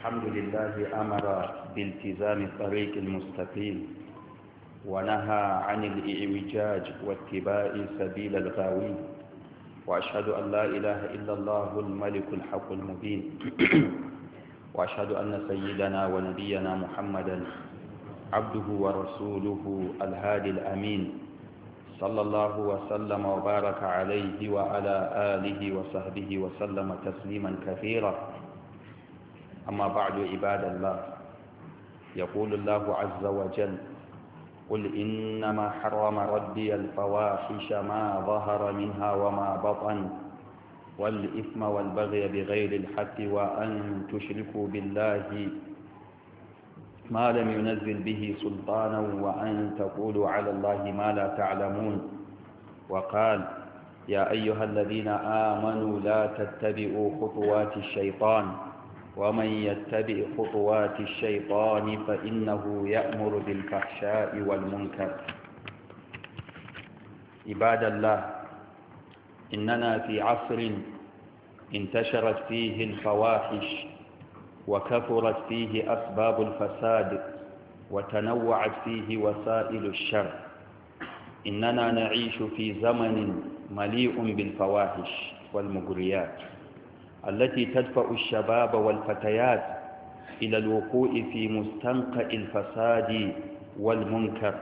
الحمد لله أمر بالتزام الطريق المستقيم ونهى عن الإعوجاج واتباع سبيل الغاوين وأشهد أن لا إله إلا الله الملك الحق المبين وأشهد أن سيدنا ونبينا محمدا عبده ورسوله الهادي الأمين صلى الله وسلم وبارك عليه وعلى آله وصحبه وسلم تسليما كثيرا أما بعد عباد الله يقول الله عز وجل قل إنما حرم ربي الفواحش ما ظهر منها وما بطن والإثم والبغي بغير الحق وأن تشركوا بالله ما لم ينزل به سلطانا وأن تقولوا على الله ما لا تعلمون وقال يا أيها الذين آمنوا لا تتبعوا خطوات الشيطان ومن يتبع خطوات الشيطان فإنه يأمر بالفحشاء والمنكر عباد الله إننا في عصر انتشرت فيه الفواحش وكثرت فيه أسباب الفساد وتنوعت فيه وسائل الشر إننا نعيش في زمن مليء بالفواحش والمغريات التي تدفع الشباب والفتيات إلى الوقوع في مستنقع الفساد والمنكر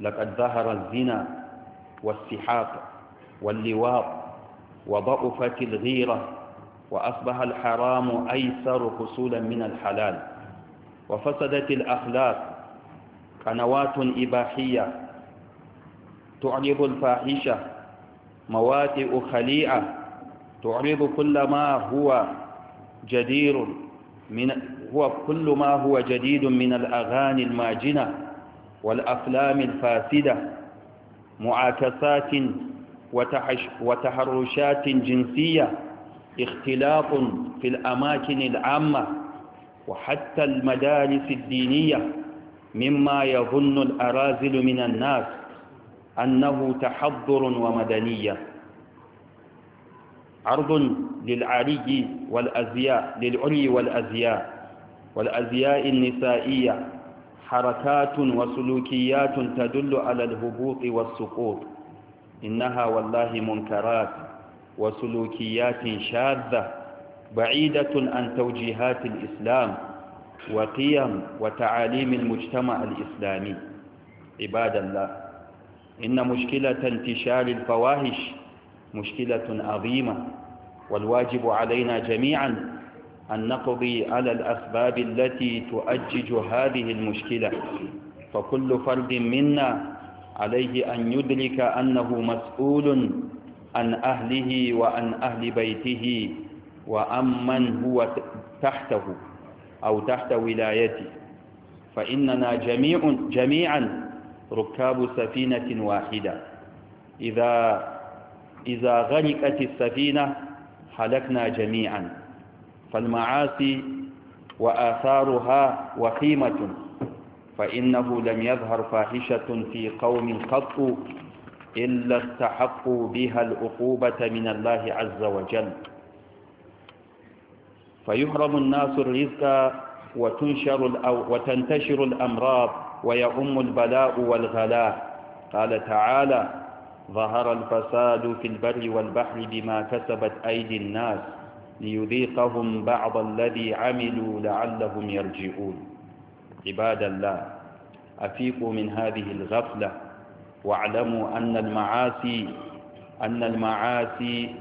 لقد ظهر الزنا والسحاق واللواط وضعفت الغيرة وأصبح الحرام أيسر حصولا من الحلال وفسدت الأخلاق قنوات إباحية تعرض الفاحشة مواطئ خليعة تعرض كل ما هو جدير من هو كل ما هو جديد من الأغاني الماجنة والأفلام الفاسدة معاكسات وتحرشات جنسية اختلاط في الأماكن العامة وحتى المدارس الدينية مما يظن الأرازل من الناس أنه تحضر ومدنية عرض للعري والأزياء للعري والأزياء والأزياء النسائية حركات وسلوكيات تدل على الهبوط والسقوط إنها والله منكرات وسلوكيات شاذة بعيدة عن توجيهات الإسلام وقيم وتعاليم المجتمع الإسلامي عباد الله إن مشكلة انتشار الفواهش مشكلة عظيمة والواجب علينا جميعا أن نقضي على الأسباب التي تؤجج هذه المشكلة فكل فرد منا عليه أن يدرك أنه مسؤول عن أهله وعن أهل بيته من هو تحته أو تحت ولايته فإننا جميع جميعا ركاب سفينة واحدة إذا إذا غرقت السفينة هلكنا جميعا فالمعاصي وآثارها وخيمة فإنه لم يظهر فاحشة في قوم قط إلا استحقوا بها العقوبة من الله عز وجل فيحرم الناس الرزق وتنشر الأو وتنتشر الأمراض ويؤم البلاء والغلاء قال تعالى ظهر الفساد في البر والبحر بما كسبت أيدي الناس ليذيقهم بعض الذي عملوا لعلهم يرجعون عباد الله أفيقوا من هذه الغفلة واعلموا أن المعاصي أن المعاصي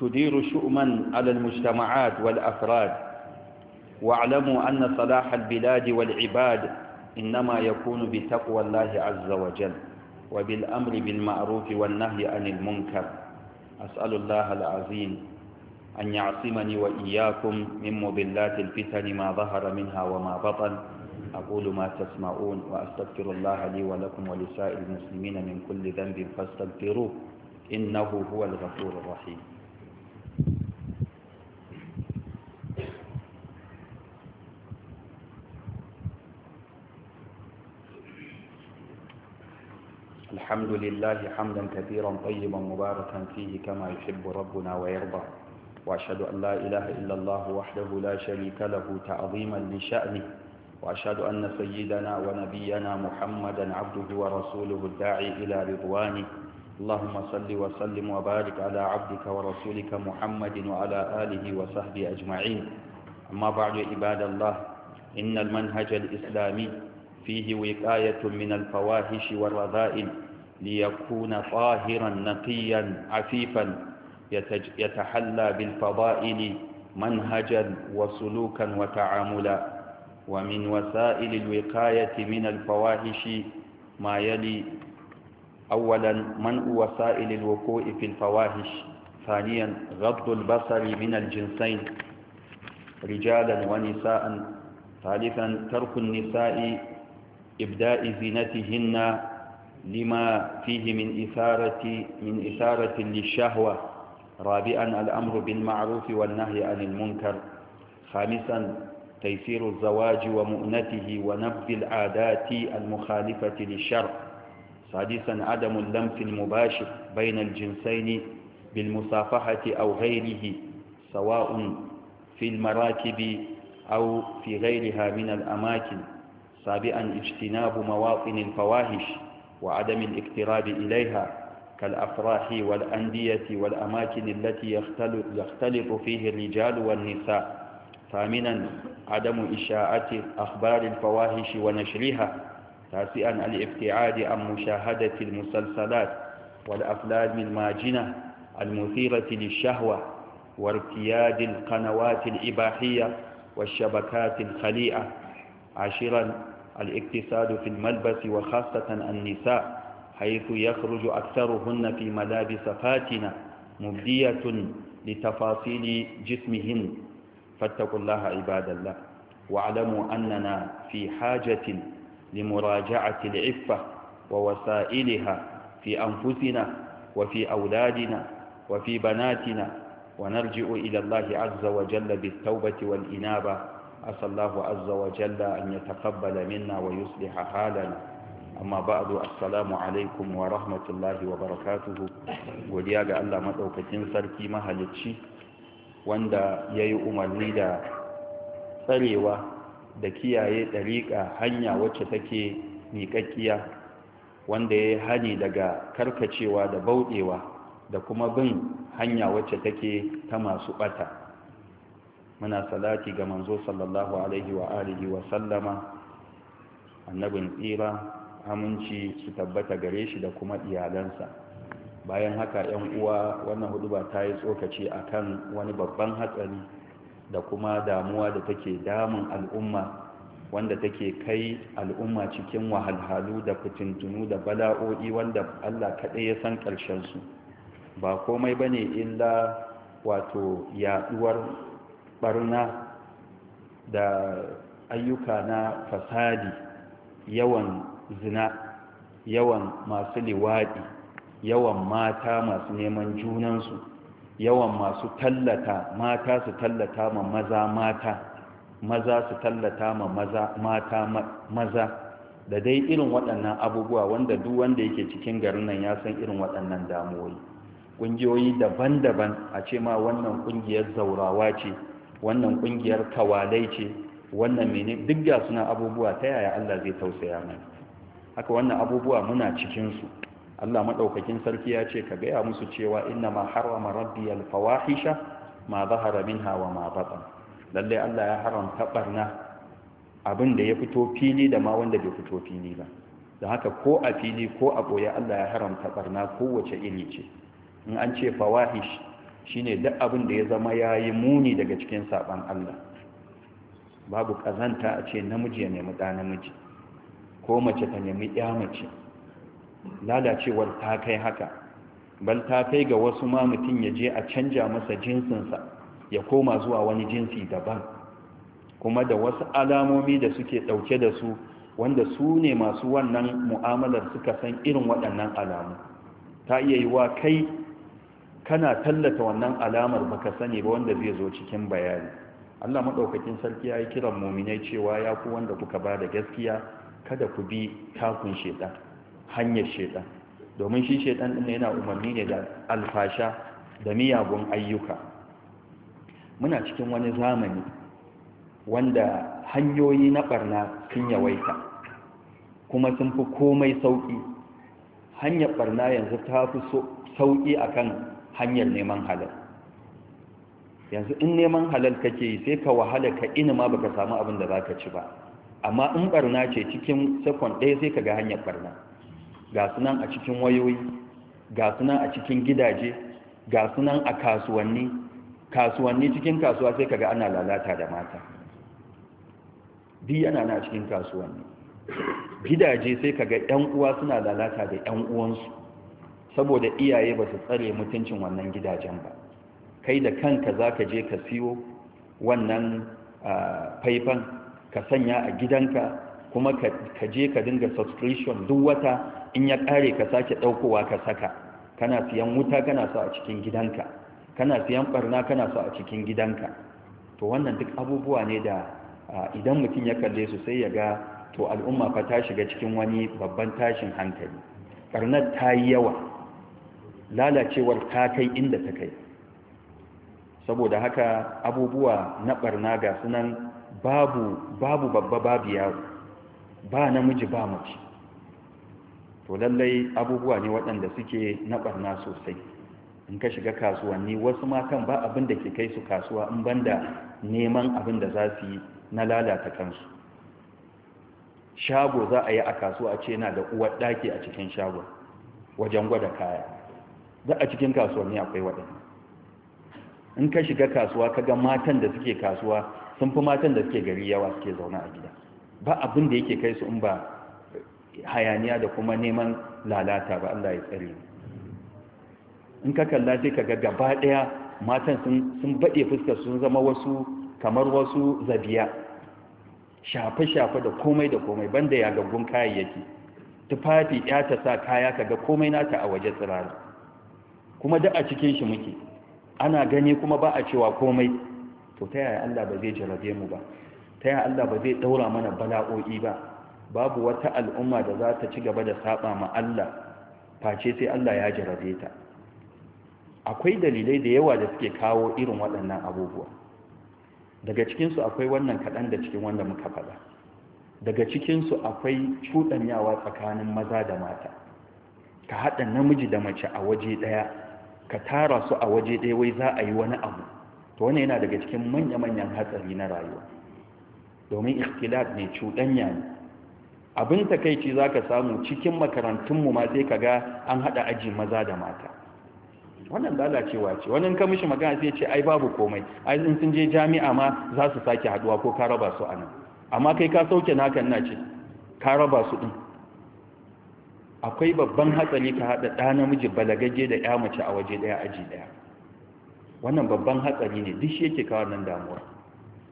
تدير شؤما على المجتمعات والأفراد واعلموا أن صلاح البلاد والعباد إنما يكون بتقوى الله عز وجل وبالأمر بالمعروف والنهي عن المنكر أسأل الله العظيم أن يعصمني وإياكم من مضلات الفتن ما ظهر منها وما بطن أقول ما تسمعون وأستغفر الله لي ولكم ولسائر المسلمين من كل ذنب فاستغفروه إنه هو الغفور الرحيم الحمد لله حمدا كثيرا طيبا مباركا فيه كما يحب ربنا ويرضى وأشهد أن لا إله إلا الله وحده لا شريك له تعظيما لشأنه وأشهد أن سيدنا ونبينا محمدا عبده ورسوله الداعي إلى رضوانه اللهم صل وسلم وبارك على عبدك ورسولك محمد وعلى آله وصحبه أجمعين أما بعد عباد الله إن المنهج الإسلامي فيه وقاية من الفواحش والرذائل ليكون طاهرا نقيا عفيفا يتحلى بالفضائل منهجا وسلوكا وتعاملا ومن وسائل الوقاية من الفواحش ما يلي أولا منء وسائل الوقوع في الفواحش ثانيا غض البصر من الجنسين رجالا ونساء ثالثا ترك النساء إبداء زينتهن لما فيه من إثارة, من إثارة للشهوة رابعا الأمر بالمعروف والنهي عن المنكر خامسا تيسير الزواج ومؤنته ونبذ العادات المخالفة للشرع سادسا عدم اللمس المباشر بين الجنسين بالمصافحة أو غيره سواء في المراكب أو في غيرها من الأماكن سابعا اجتناب مواطن الفواحش وعدم الاقتراب إليها كالأفراح والأندية والأماكن التي يختلط فيه الرجال والنساء ثامنا عدم إشاعة أخبار الفواهش ونشرها تاسعا الابتعاد عن مشاهدة المسلسلات والأفلام الماجنة المثيرة للشهوة وارتياد القنوات الإباحية والشبكات الخليئة عاشرا الاقتصاد في الملبس وخاصة النساء حيث يخرج أكثرهن في ملابس فاتنة مبدية لتفاصيل جسمهن فاتقوا الله عباد الله واعلموا أننا في حاجة لمراجعة العفة ووسائلها في أنفسنا وفي أولادنا وفي بناتنا ونرجع إلى الله عز وجل بالتوبة والإنابة أسأل الله عز وجل أن يتقبل منا ويصلح حالنا أما بعد alaikum wa rahmatullahi wa وبركاته godiya ga Allah madaukakin sarki mahalicci wanda ya yi umarni da tsarewa da kiyaye ɗariƙa hanya wacce take miƙaƙiya wanda yayi hani daga karkacewa da bauɗewa da kuma bin hanya wacce take ta masu ɓata muna salati ga manzo sallallahu alaihi wa alihi wa sallama annabin tsira aminci su tabbata gare shi da kuma iyalansa bayan haka yan uwa wannan ba ta yi tsokaci akan wani babban hatsari da kuma damuwa da take damun al'umma wanda take kai al'umma cikin wahalhalu da fitintunu da bala'o'i wanda Allah kaɗai ya san ƙarshensu ba komai ba ne illa wato yaɗuwar barna da ayyuka na fasadi yawan zina yawan masu liwaɗi yawan mata masu neman junansu yawan masu tallata mata su tallata ma maza mata maza su tallata ma maza mata maza da dai irin waɗannan abubuwa wanda duk wanda yake cikin garin nan ya san irin waɗannan damuwoyi ƙungiyoyi daban-daban a ce ma wannan ƙungiyar zaurawa ce wannan kungiyar kawalai ce wannan mene duk ga suna abubuwa ta yaya Allah zai tausaya mana haka wannan abubuwa muna cikin su Allah madaukakin sarki ya ce ka gaya musu cewa inna ma harrama rabbi al fawahisha ma zahara minha wa ma batan lalle Allah ya haramta barna abin da ya fito fili da ma wanda bai fito fili ba da haka ko a fili ko a boye Allah ya haramta barna kowace iri ce in an ce fawahish shine duk abin da ya zama ya yi muni daga cikin saban Allah babu ƙazanta a ce namiji ya nemi ɗa namiji ko mace ta nemi ya mace lalacewar ta kai haka bal ta kai ga wasu ma mutum ya je a canja masa jinsinsa ya koma zuwa wani jinsi daban kuma da wasu alamomi da suke ɗauke da su wanda su ne masu wannan mu'amalar suka san irin waɗannan alamu ta iya yi wa kai kana tallata wannan alamar baka sani ba wanda zai zo cikin bayani Allah maɗaukakin sarki yayi kiran mu'minai cewa ya ku wanda kuka ba da gaskiya kada ku bi takun shedan hanyar shedan domin shi shedan din yana umarni ne da alfasha da miyagun ayyuka muna cikin wani zamani wanda hanyoyi na barna sun yawaita kuma sun fi komai sauki hanyar barna yanzu ta fi sauki akan hanyar neman halal yanzu in neman halal kake yi sai ka wahala ka ina ma baka samu abin da ka ci ba amma in barna ce cikin sakon ɗaya sai ka ga hanyar barna ga sunan a cikin wayoyi ga sunan a cikin gidaje ga sunan a kasuwanni kasuwanni cikin kasuwa sai ka ga ana lalata da mata biyana na cikin kasuwanni gidaje sai ka ga 'yan uwa suna lalata da 'yan uwansu saboda iyaye ba su tsare mutuncin wannan gidajen ba kai da kanka za ka je ka siyo wannan faifan ka sanya a gidanka kuma ka je ka dinga subscription duk wata in ya kare ka sake ɗaukowa ka saka kana siyan wuta kana so a cikin gidanka kana siyan barna kana so a cikin gidanka to wannan duk abubuwa ne da idan mutum ya kalle su sai ya ga to al'umma fa ta shiga cikin wani babban tashin hankali Ƙarnar ta yi yawa lalacewar ta kai inda ta kai saboda haka abubuwa na barna ga sunan babu babu babba babu yaro ba namiji ba mace to lallai abubuwa ne waɗanda suke na barna sosai in ka shiga kasuwanni wasu matan ba abin da ke kai su kasuwa in banda neman abin da za su yi na lalata kansu shago za a yi a kasuwa ce na da uwar ɗaki a cikin shago wajen gwada kaya da a cikin kasuwanni akwai waɗanda in ka shiga kasuwa ka ga matan da suke kasuwa sun fi matan da suke gari yawa suke zaune a gida ba abin da yake kai su in ba hayaniya da kuma neman lalata ba Allah ya tsare in ka kalla sai ka ga gaba ɗaya matan sun baɗe fuskar sun zama wasu kamar wasu zabiya shafe-shafe da komai da komai banda yagaggun kayayyaki tufafi ya ta sa kaya ka ga komai nata a waje tsirara kuma da a cikin shi muke ana gani kuma ba a cewa komai to ta yaya Allah ba zai jarabe mu ba ta yaya Allah ba zai daura mana bala'o'i ba babu wata al'umma da za ta ci gaba da saba ma Allah face sai Allah ya jarabe ta akwai dalilai da yawa da suke kawo irin waɗannan abubuwa daga cikinsu akwai wannan kaɗan da cikin wanda muka faɗa daga cikinsu akwai cuɗanyawa tsakanin maza da mata ka haɗa namiji da mace a waje ɗaya ka tara su a waje ɗaya wai za a yi wani abu to wani yana daga cikin manya-manyan hatsari na rayuwa domin ikhtilat ne cuɗanya ne abin takaici za ka samu cikin makarantunmu ma sai ka ga an haɗa aji maza da mata wannan lalacewa ce wannan ka mishi magana sai ce ai babu komai ai in sun je jami'a ma za su sake haɗuwa ko ka raba su a nan amma kai ka sauke naka na ce ka raba su ɗin akwai babban hatsari ka haɗa ɗa namiji balagaje da ya mace a waje ɗaya aji ɗaya wannan babban hatsari ne duk shi yake kawo nan damuwa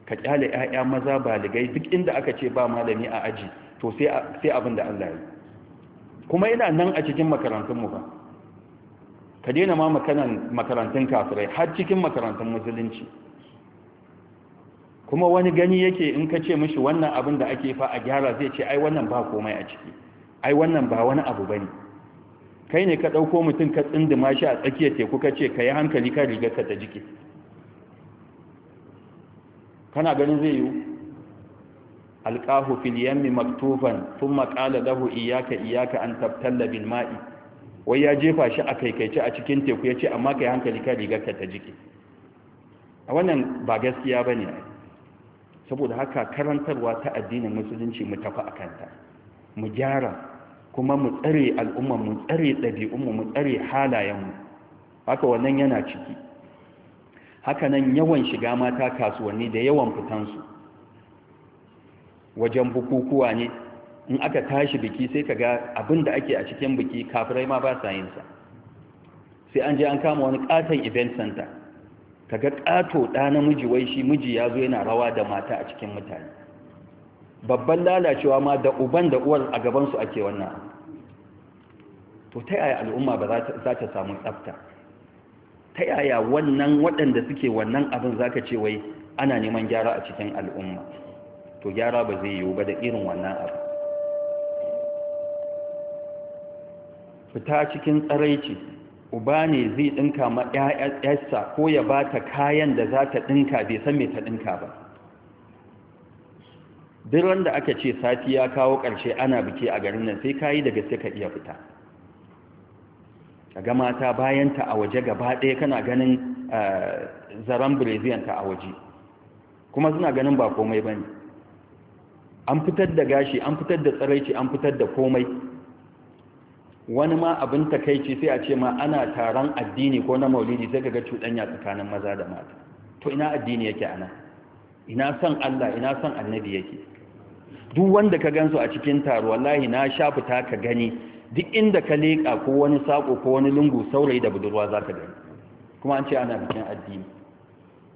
ka kyale ‘ya'ya maza baligai duk inda aka ce ba malami a aji to sai abin da Allah yi kuma ina nan a cikin makarantunmu ba ka daina ma makarantun kafirai har cikin makarantun musulunci kuma wani gani yake in ka ce mishi wannan abin da ake fa a gyara zai ce ai wannan ba komai a ciki ai wannan ba wani abu bane kai ne ka ɗauko mutum ka da mashi a tsakiyar teku ka ce ka yi hankali kan rigarka ta jike kana ganin zai yiwu alƙahu fil yammi maktufan sun maƙala lahu iyaka iyaka an tabtalla bil ma'i wai ya jefa shi a kaikaice a cikin teku yace ce amma ka yi hankali kan rigarka ta jike a wannan ba gaskiya ba ne saboda haka karantarwa ta addinin musulunci mu tafi a kanta mu gyara kuma mu tsare al'umma mu tsare ɗabi'unmu mu tsare halayenmu haka wannan yana ciki haka nan yawan shiga mata kasuwanni da yawan fitansu wajen bukukuwa ne in aka tashi biki sai ka ga abin da ake a cikin biki kafirai ma ba sa yinsa sai an je an kama wani katon event center ka ga kato ɗa namiji wai shi miji ya zo yana rawa da mata a cikin mutane babban lalacewa ma da uban da uwar a gabansu ake wannan to ta yaya al'umma ba za ta samu tsafta ta yaya wannan waɗanda suke wannan abin za ka ce wai ana neman gyara a cikin al'umma to gyara ba zai yiwu ba da irin wannan abu fita cikin tsaraici uba ne zai ɗinka ma ‘yarsa ko ya ba ta kayan da za ta ɗinka bai san mai ta ɗinka ba duk wanda aka ce sati ya kawo ƙarshe ana biki a garin nan sai kayi da gaske ka iya fita ga mata bayanta a waje gaba ɗaya kana ganin eh, zaren breziyanta a waje kuma suna ganin ba komai ba ne an fitar da gashi an fitar da tsaraici an fitar da komai wani ma abin takaici sai a ce ma ana taron addini ko na maulidi sai kaga cuɗanya tsakanin maza da mata to ina addini yake ana ina son Allah ina son annabi yake duk wanda ka gan su a cikin taro wallahi na sha fita ka gani duk inda ka leƙa ko wani saƙo ko wani lungu saurayi da budurwa za ka gani kuma an ce ana bikin addini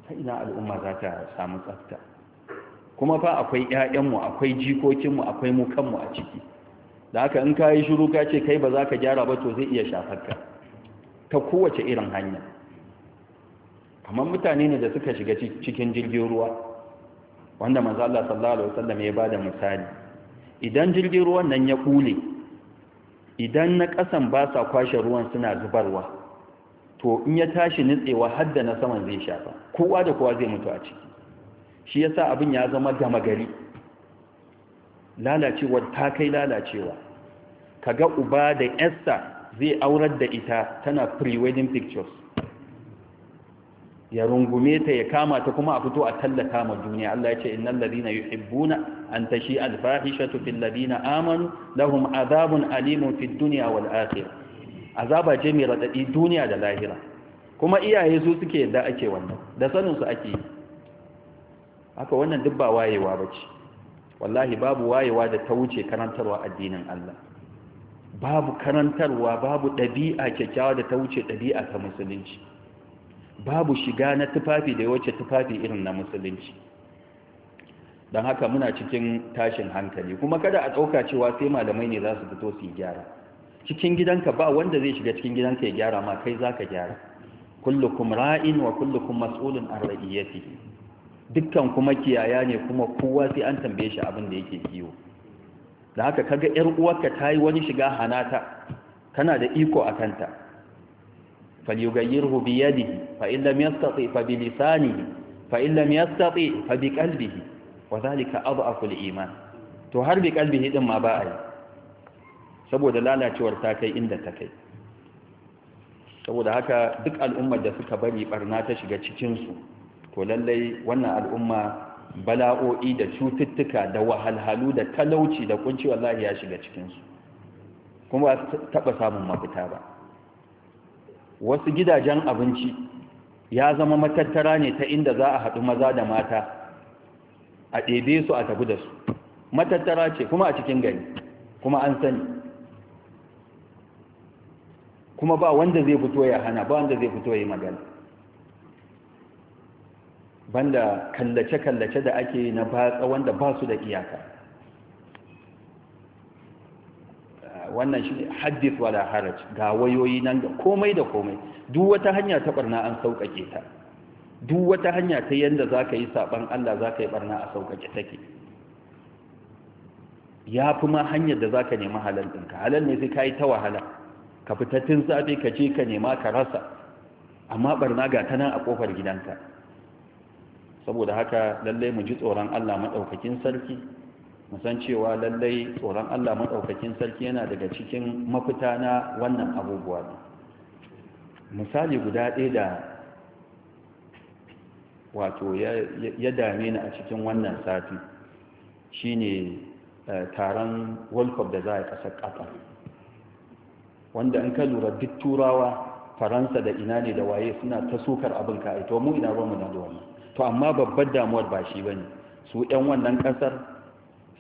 ta ina al'umma za ta samu tsafta kuma fa akwai 'ya'yanmu akwai jikokinmu akwai mu a ciki da haka in ka yi shiru ka ce kai ba za ka gyara ba to zai iya shafar ka ta kowace irin hanya kamar mutane ne da suka shiga cikin jirgin ruwa wanda manzo Allah sallallahu alaihi wasallam ya bada misali idan jirgin ruwan nan ya kule idan na ƙasan ba sa kwashe ruwan suna zubarwa to in ya tashi nitsewa har da na saman zai shafa kowa da kowa zai mutu a ciki shi ya sa abin ya zama gama gari lalacewar ta kai lalacewa kaga uba da Esther zai aurar da ita tana pre-wedding pictures ya rungume ta ya kama ta kuma a fito a tallata ma duniya Allah ya ce innal ladina yuhibbuna an tashi al fahishatu fil ladina amanu lahum adhabun alimun fid dunya wal akhirah azaba ce mai radadi duniya da lahira kuma iyaye su suke yadda ake wannan da sanin su ake haka wannan duk ba wayewa bace wallahi babu wayewa da ta wuce karantarwa addinin Allah babu karantarwa babu dabi'a kyakkyawa da ta wuce dabi'a ta musulunci babu shiga na tufafi da wacce tufafi irin na musulunci don haka muna cikin tashin hankali kuma kada a ɗauka cewa sai malamai ne za su fito su yi gyara cikin gidanka ba wanda zai shiga cikin gidanka ya gyara ma kai za ka gyara kullukum ra'in wa kullukum mas'ulun an ra'iyati dukkan kuma kiyaya ne kuma kowa sai an tambaye shi abin da yake kiwo da haka kaga yar uwarka ta yi wani shiga hanata kana da iko a kanta falyughayyirhu bi yadihi fa in lam yastati fa bi lisanihi fa in lam yastati fa bi qalbihi wa dhalika adhafu al-iman to har bi qalbihi din ma ba ai saboda lalacewar ta kai inda ta kai saboda haka duk al'ummar da suka bari barna ta shiga cikinsu, to lallai wannan al'umma bala'o'i da cututtuka da wahalhalu da talauci da kunci wallahi ya shiga cikinsu kuma ba taɓa samun mafita ba wasu gidajen abinci ya zama matattara ne ta inda za a haɗu maza da mata a ɗebe su a tafi da su matattara ce kuma a cikin gari kuma an sani kuma ba wanda zai fito ya hana ba wanda zai fito ya yi magana banda kallace-kallace da ake na batsa wanda ba su da iyaka wannan shi haddith wala haraj ga wayoyi nan da komai da komai duk wata hanya ta barna an sauƙaƙe ta duk wata hanya ta yanda za ka yi saɓan Allah za ka yi barna a sauƙaƙe take ya fi ma hanyar da za ka nemi halal ɗinka halal ne sai ka yi ta wahala ka fita tun safe ka je ka nema ka rasa amma barna ga ta nan a ƙofar gidanka saboda haka lallai mu ji tsoron Allah maɗaukakin sarki musan cewa lallai tsoron Allah maɗaukakin sarki yana daga cikin mafita na wannan abubuwa misali guda ɗaya da wato ya dame ni a cikin wannan sati shine eh, taron world cup da za a ƙasar ƙasa wanda in ka lura duk turawa faransa da ina ne da waye suna ta sukar abin ka'ai to mu ina ba mu da to amma babbar damuwar ba shi ba ne su 'yan wannan ƙasar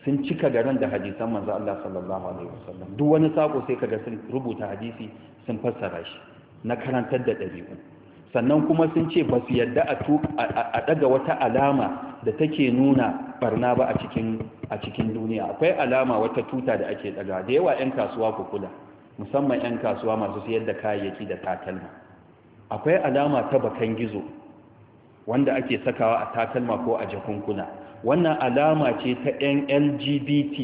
sun cika garin da hadisan manzo Allah sallallahu alaihi wasallam duk wani sako sai kaga sun rubuta hadisi sun fassara shi na karantar da dabi'u sannan kuma sun ce ba su yadda a a daga wata alama da take nuna barna ba a cikin a cikin duniya akwai alama wata tuta da ake daga da yawa 'yan kasuwa ku kula musamman 'yan kasuwa masu siyar da kayayyaki da takalma akwai alama ta bakan gizo wanda ake sakawa a takalma ko a jakunkuna wannan alama ce ta 'yan lgbt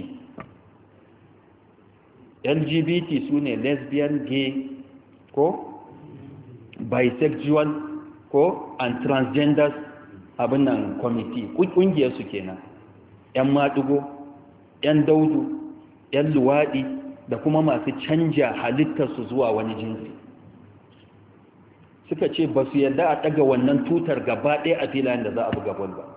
lgbt su ne lesbian gay ko bisexual ko and transgender abin nan kwamiti ƙungiyarsu kenan 'yan maɗugo 'yan daudu 'yan luwaɗi da kuma masu canja halittarsu zuwa wani jinsi suka ce ba su yarda a ɗaga wannan tutar gaba ɗaya a filayen da za a buga bol ba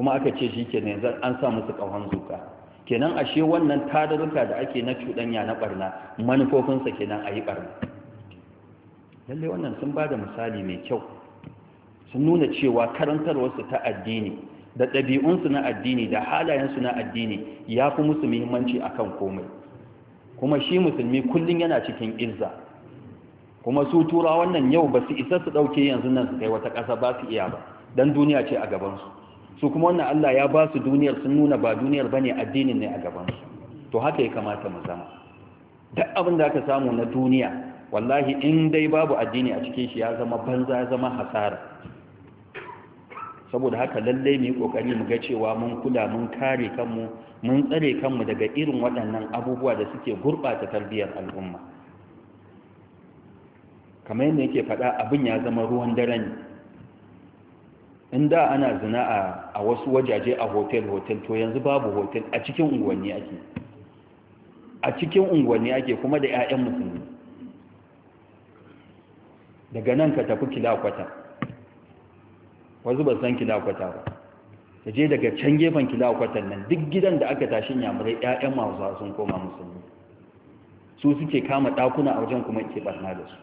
kuma aka ce shi kenan yanzu an sa musu ƙahon zuka kenan ashe wannan tadaruka da ake na cuɗanya na ɓarna manufofinsa kenan a yi ɓarna lalle wannan sun ba da misali mai kyau sun nuna cewa karantarwarsu ta addini da ɗabi'unsu na addini da halayensu na addini ya fi musu muhimmanci a kan komai kuma shi musulmi kullum yana cikin izza kuma su tura wannan yau ba su isa su ɗauke yanzu nan su kai wata ƙasa ba su iya ba don duniya ce a gabansu su kuma wannan Allah ya ba su duniyar sun nuna ba duniyar bane addinin ne a gaban to haka ya kamata mu zama duk abin da aka samu na duniya wallahi in dai babu addini a cikin shi ya zama banza ya zama hasara saboda haka lallai mu yi kokari mu ga cewa mun kula mun kare kanmu mun tsare kanmu daga irin waɗannan abubuwa da suke gurɓata tarbiyyar al'umma kamar yadda yake faɗa abin ya zama ruwan dare ne in da ana zina a wasu wajaje a hotel-hotel to yanzu babu hotel a cikin unguwanni ake a cikin unguwanni ake kuma da 'ya'yan musulmi daga nan ka tafi kilakwata wasu ba san kilakwata ba ka je daga can gefen kilakwatan nan duk gidan da aka tashi yamurai 'ya'yan masu sun koma musulmi su suke kama ɗakuna a wajen kuma ke barna da su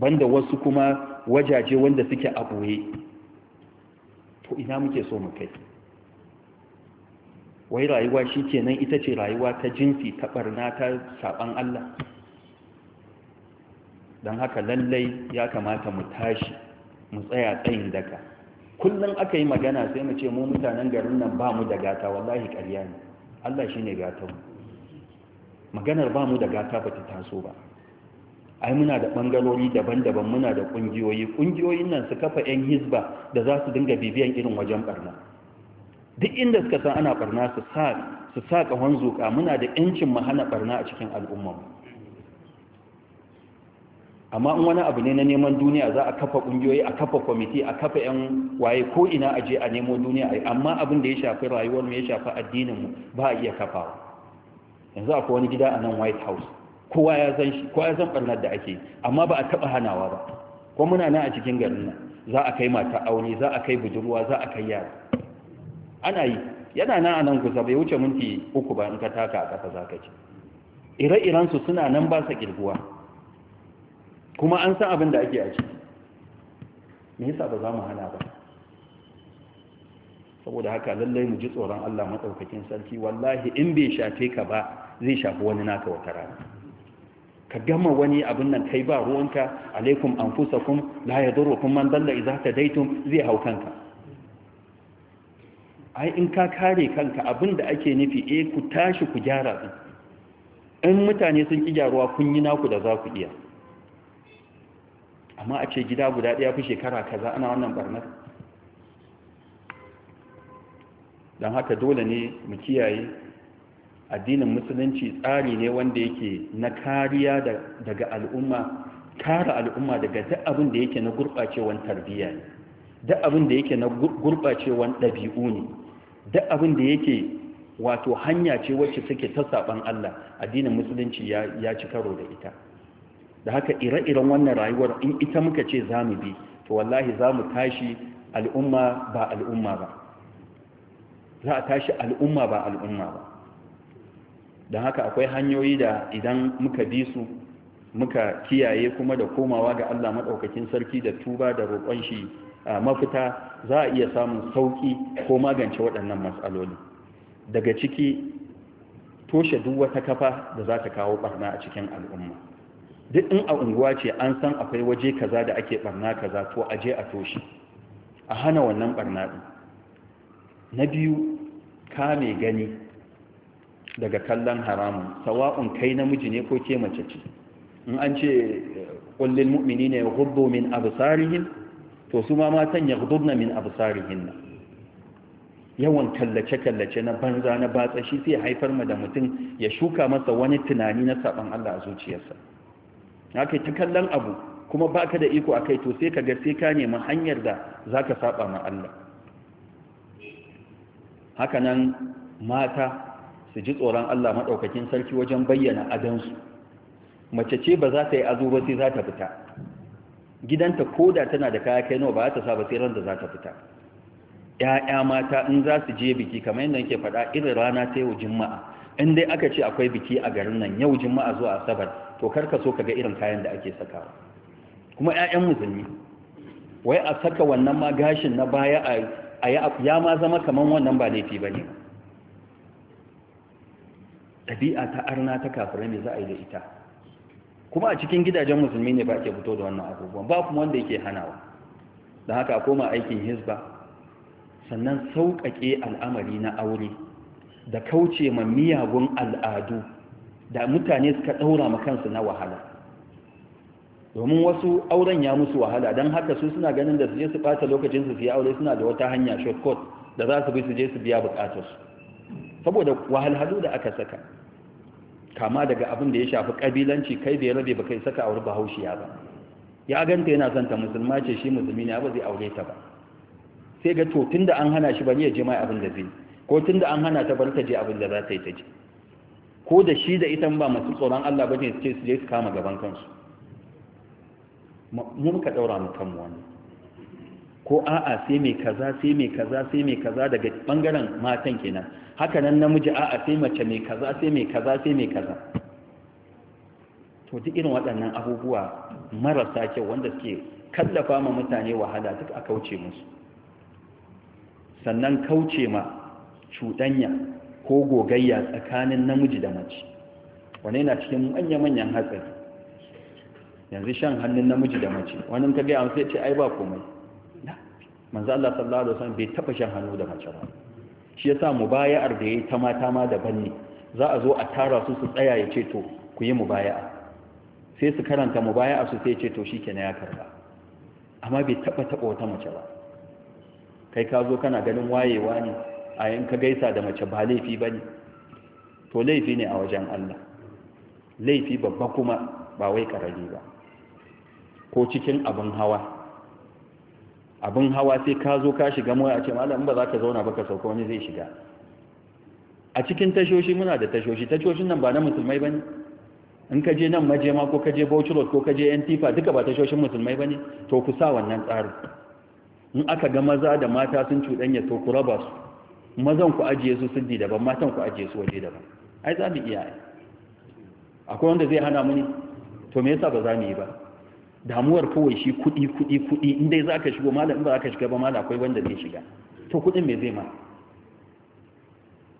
banda wasu kuma wajaje wanda suke a ɓoye to ina muke so mu kai wai rayuwa shi kenan ita ce rayuwa ta jinsi ta ɓarna ta saɓan Allah don haka lallai ya kamata mu tashi mu tsaya tsayin daka kullum aka yi magana sai mu ce mu mutanen garin nan ba mu da gata wallahi ƙarya ne Allah shi ne mu. maganar ba mu da gata ba ta taso ba ai muna da bangalori daban-daban muna da kungiyoyi kungiyoyin nan su kafa yan hizba da za su dinga bibiyan irin wajen barna duk inda suka san ana barna su sa su sa kahon zuka muna da yancin mu hana barna a cikin al'umma amma in wani abu ne na neman duniya za a kafa kungiyoyi a kafa kwamiti a kafa yan waye ko ina aje a nemo duniya ai amma abin da ya shafi rayuwar mu ya shafi addinin mu ba a iya kafawa yanzu akwai wani gida a nan white house kowa ya san shi kowa ya san barnar da ake amma ba a taba hanawa ba ko muna nan a cikin garin nan za a kai mata aure za a kai budurwa za a kai yara ana yi yana nan a nan kusa bai wuce minti uku ba in ka taka a ƙasa za ka ci ire-iren su suna nan ba sa kirguwa kuma an san abin da ake a ciki me yasa ba za mu hana ba saboda haka lallai mu ji tsoron Allah madaukakin sarki wallahi in bai shafe ka ba zai shafi wani naka wata rana ka gama wani abin nan kai ba ruwanka alaikum anfusakum la yadurrukum man dalla idza tadaitum zai hau kanka ai in ka kare kanka abin da ake nufi eh ku tashi ku gyara din in mutane sun ki gyaruwa kun yi naku da za ku iya amma a ce gida guda ɗaya fi shekara kaza ana wannan barnar Dan haka dole ne mu kiyaye addinin musulunci tsari ne wanda yake na kariya daga al'umma kare al'umma daga duk abin da yake na gurɓacewan tarbiyya ne duk abin da yake na gurɓacewan ɗabi'u ne duk abin da yake wato hanya ce wacce take ta saɓan Allah addinin musulunci ya ci karo da ita da haka ire-iren wannan rayuwar in ita muka ce zamu bi to wallahi zamu mu tashi al'umma ba al'umma ba za a tashi al'umma ba al'umma ba don haka akwai hanyoyi da idan muka bi su muka kiyaye kuma da komawa ga Allah maɗaukakin sarki da tuba da roƙon shi mafita za a iya samun sauƙi ko magance waɗannan matsaloli daga ciki toshe duk wata kafa da za ta kawo barna a cikin al'umma duk in a unguwa ce an san akwai waje kaza da ake ɓarna kaza to a je a toshe a hana wannan barna na biyu ka mai gani daga kallon haramun sawa'un kai namiji ne ko ke mace ce in an ce kullil mu'mini ne ya hudu min abusarihin to su ma matan ya na min abusarihin na yawan kallace-kallace na banza na batsa shi sai haifar ma da mutum ya shuka masa wani tunani na saban Allah a zuciyarsa kai ta kallon abu kuma baka da iko a kai to sai ka ga sai ka nemi hanyar da za ka saba ma Allah haka nan mata su ji tsoron Allah maɗaukakin sarki wajen bayyana adansu mace ce ba za ta yi azu ba sai za ta fita gidanta koda tana da kaya kai nawa ba za ta saba sai ran da za ta fita Ya'ya mata in za su je biki kamar yadda nake faɗa irin rana ta yau juma'a in dai aka ce akwai biki a garin nan yau juma'a zuwa asabar to kar ka so ka ga irin kayan da ake sakawa kuma ƴaƴan musulmi wai a saka wannan ma gashin na baya a ya ma zama kamar wannan ba laifi ba ne. ɗabi'a ta arna ta kafirai ne za a yi da ita kuma a cikin gidajen musulmi ne ba ke fito da wannan abubuwan ba kuma wanda yake hanawa da haka a koma aikin hizba sannan sauƙaƙe al'amari na aure da kauce ma miyagun al'adu da mutane suka ɗaura ma kansu na wahala domin wasu auren ya musu wahala don haka su suna ganin da su je su ɓata lokacin su fiye aure suna da wata hanya shortcut da za su bi su je su biya buƙatarsu saboda wahalhalu da aka saka kama daga abin da ya shafi kabilanci kai da ya rabe ba kai saka aure bahaushiya ba ya ganta yana son ta musulma ce shi musulmi ne ba zai aure ta ba sai ga to tunda an hana shi bari ya je mai abin da zai ko tunda an hana ta bari ta je abin da za ta yi ta je ko da shi da ita ba masu tsoron Allah ba ne su je su kama gaban kansu Mun ka daura mu kanmu wannan ko a'a sai mai kaza sai mai kaza sai mai kaza daga bangaren matan kenan haka nan namiji a'a sai mace mai kaza sai mai kaza sai mai kaza to duk irin waɗannan abubuwa marasa kyau wanda suke kallafa ma mutane wahala duk a kauce musu sannan kauce ma cuɗanya ko gogayya tsakanin namiji da mace wani yana cikin manya-manyan hatsari yanzu shan hannun namiji da mace wani ka gaya sai ce ai ba komai manzo Allah sallallahu alaihi wasallam bai taba shan hannu da mace ba shi yasa mubaya'ar da yayi ta mata ma daban ne za a zo a tara su su tsaya ya ce to ku yi mubaya'a sai su karanta mubaya'a su sai ce to shikenan ya karba amma bai taba taba wata mace ba kai ka zo kana ganin wayewa ne a yin ka gaisa da mace ba laifi ba ne to laifi ne a wajen Allah laifi babba kuma ba wai karari ba ko cikin abin hawa abin hawa sai ka zo ka shiga moya a ce malam ba za ka zauna ba ka sauka wani zai shiga a cikin tashoshi muna da tashoshi tashoshin nan ba na musulmai bane in ka je nan majema ko ka je Bauchi ko ka je Antifa duka ba tashoshin musulmai bane to ku sa wannan tsari in aka ga maza da mata sun cuɗanya to ku raba su mazan ku ajiye su siddi daban matan ku ajiye su waje daban ai za mu iya akwai wanda zai hana muni, to me yasa ba za mu yi ba damuwar kawai shi kuɗi kuɗi kuɗi in dai za ka shigo malam in ba za ka shiga ba malam akwai wanda zai shiga to kuɗin mai zai ma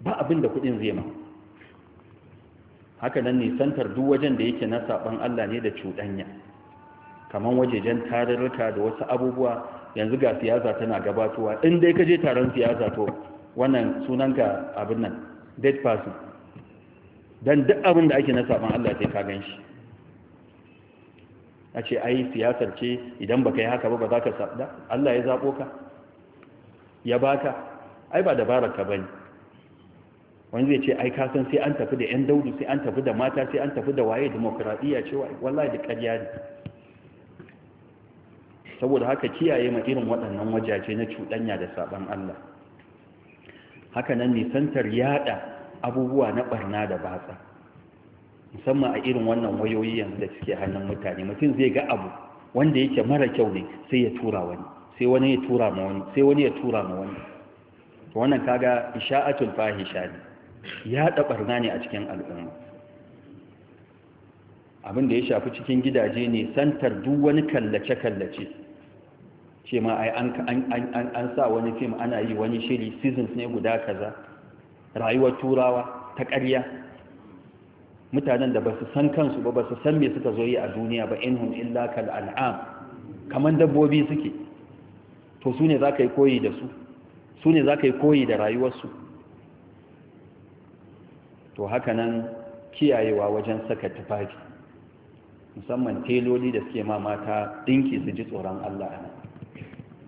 ba abin da kuɗin zai ma haka nan nisantar duk wajen da yake na saban Allah ne da cuɗanya kamar wajejen tarurruka da wasu abubuwa yanzu ga siyasa tana gabatowa in dai ka je taron siyasa to wannan sunan ka abin nan dead person don duk abin da ake na saban Allah sai ka gan shi a ce ai siyasar ce idan baka yi haka ba ba za ka sabda Allah ya zaɓo ka ya baka ai ba dabarar ka bane wani zai ce ai ka san sai an tafi da yan daudu sai an tafi da mata sai an tafi da waye demokradiya ce wallahi da ƙarya ne saboda haka kiyaye ma irin waɗannan wajaje na cuɗanya da saban Allah haka nan nisantar yaɗa abubuwa na ɓarna da batsa musamman a irin wannan wayoyi yanzu da suke hannun mutane mutum zai ga abu wanda yake mara kyau ne sai ya tura wani sai wani ya tura ma wani sai wani ya tura ma wani to wannan kaga isha'atul fahisha ne ya dabarna ne a cikin al'umma abin da ya shafi cikin gidaje ne santar duk wani kallace kallace ce ma ai an an an sa wani film ana yi wani shiri seasons ne guda kaza rayuwar turawa ta ƙarya mutanen da ba su san kansu ba ba su san me suka zo yi a duniya ba in illa kal an'am kaman dabbobi suke to su ne za ka yi koyi da su su ne za ka yi koyi da rayuwarsu to haka nan kiyayewa wajen saka tufafi musamman teloli da suke ma mata dinki su ji tsoron Allah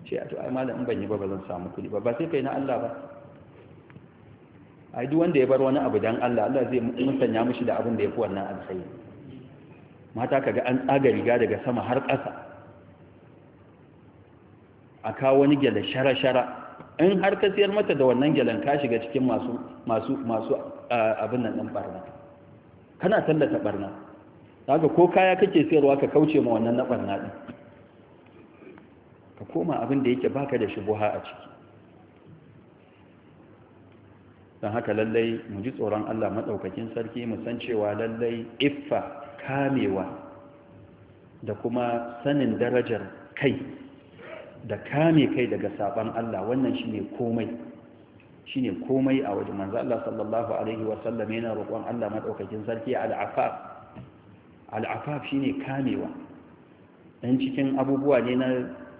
ce a to ai malam ban yi ba ba zan samu kuɗi ba ba sai kai na Allah ba ai duk wanda ya bar wani abu dan Allah Allah zai musanya mushi da abin da fi wannan alkhairi mata kaga an tsaga riga daga sama har ƙasa a kawo wani gyale shara-shara in har ka siyar mata da wannan gyalen ka shiga cikin masu masu masu abin nan ɗin barna kana tallata barna haka ko kaya kake siyarwa ka kauce ma wannan na barna ɗin ka koma abin da yake baka da shubuha a ciki don haka lallai mu ji tsoron Allah maɗaukakin sarki mu san cewa lallai iffa kamewa da kuma sanin darajar kai da kame kai daga saban Allah wannan shine komai shine komai a wajen manzo Allah sallallahu alaihi wa sallam yana roƙon Allah maɗaukakin sarki al-afaf al-afaf shine kamewa dan cikin abubuwa ne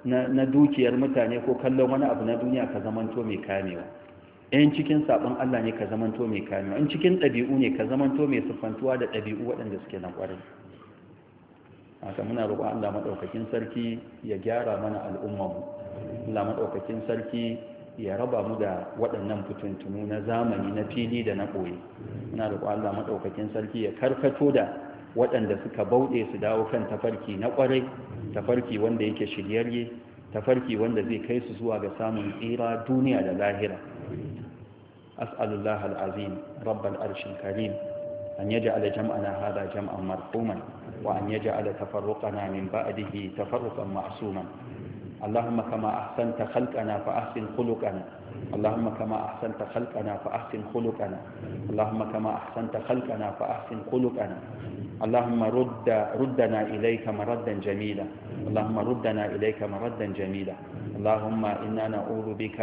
na na dukiyar mutane ko kallon wani abu na duniya ka zamanto mai kamewa in cikin sabon Allah ne ka zamanto mai kamewa in cikin ɗabi'u ne ka zamanto mai siffantuwa da ɗabi'u waɗanda suke nan ƙwarai haka muna roƙon Allah maɗaukakin sarki ya gyara mana al'ummarmu Allah maɗaukakin sarki ya raba mu da waɗannan fitintunu na zamani na fili da na ɓoye muna roƙon Allah maɗaukakin sarki ya karkato da waɗanda suka bauɗe su dawo kan tafarki na ƙwarai tafarki wanda yake shiryarye tafarki wanda zai kai su zuwa ga samun tsira duniya da lahira أسأل الله العظيم رب العرش الكريم أن يجعل جمعنا هذا جمعا مرحوما وأن يجعل تفرقنا من بعده تفرقا معصوما اللهم كما أحسنت خلقنا فأحسن خلقنا اللهم كما أحسنت خلقنا فأحسن خلقنا اللهم كما أحسنت خلقنا فأحسن خلقنا اللهم رد ردنا إليك مردا جميلا اللهم ردنا إليك مردا جميلا اللهم إنا نعوذ بك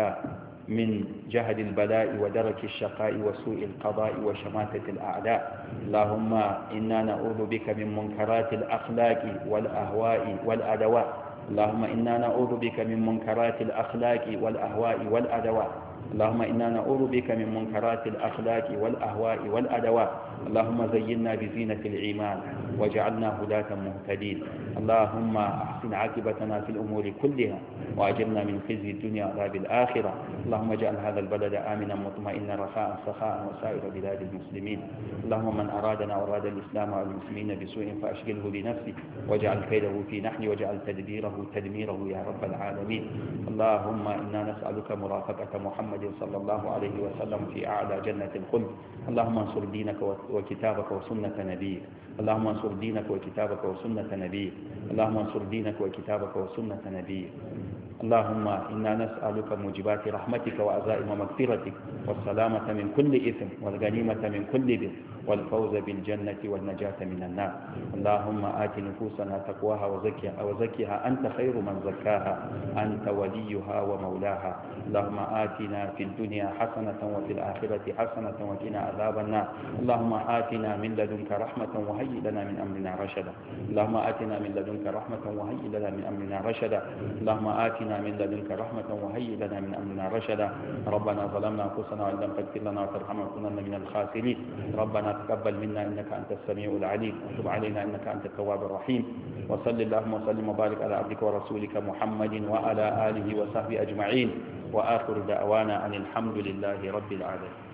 من جهد البلاء ودرك الشقاء وسوء القضاء وشماتة الأعداء اللهم إنا نعوذ بك من منكرات الأخلاق والأهواء والأدواء اللهم إنا نعوذ بك من منكرات الأخلاق والأهواء والأدواء اللهم إنا نعوذ بك من منكرات الأخلاق والأهواء والأدوات اللهم زينا بزينة الإيمان وجعلنا هداة مهتدين اللهم أحسن عاقبتنا في الأمور كلها وأجرنا من خزي الدنيا عذاب الآخرة اللهم اجعل هذا البلد آمنا مطمئنا رخاء سخاء وسائر بلاد المسلمين اللهم من أرادنا وأراد الإسلام والمسلمين بسوء فأشغله بنفسه واجعل كيده في نحن واجعل تدبيره تدميره يا رب العالمين اللهم إنا نسألك مرافقة محمد محمد صلى الله عليه وسلم في أعلى جنة الخلد اللهم انصر دينك وكتابك وسنة نبيك اللهم انصر دينك وكتابك وسنة نبيك اللهم انصر دينك وكتابك وسنة نبيك اللهم إنا نسألك موجبات رحمتك وعزائم مغفرتك والسلامة من كل إثم والغنيمة من كل بر والفوز بالجنة والنجاة من النار اللهم آت نفوسنا تقواها وزكها, وزكيها أنت خير من زكاها أنت وليها ومولاها اللهم آتنا في الدنيا حسنة وفي الآخرة حسنة وقنا عذاب النار اللهم آتنا من لدنك رحمة وهي وهيئ لنا من أمرنا رشدا اللهم آتنا من لدنك رحمة وهيئ لنا من أمرنا رشدا اللهم آتنا من لدنك رحمة وهيئ لنا من أمرنا رشدا ربنا ظلمنا أنفسنا وإن لم تغفر لنا وترحمنا لنكونن من الخاسرين ربنا تقبل منا إنك أنت السميع العليم وتب علينا إنك أنت التواب الرحيم وصل اللهم وسلم وبارك على عبدك ورسولك محمد وعلى آله وصحبه أجمعين وآخر دعوانا أن الحمد لله رب العالمين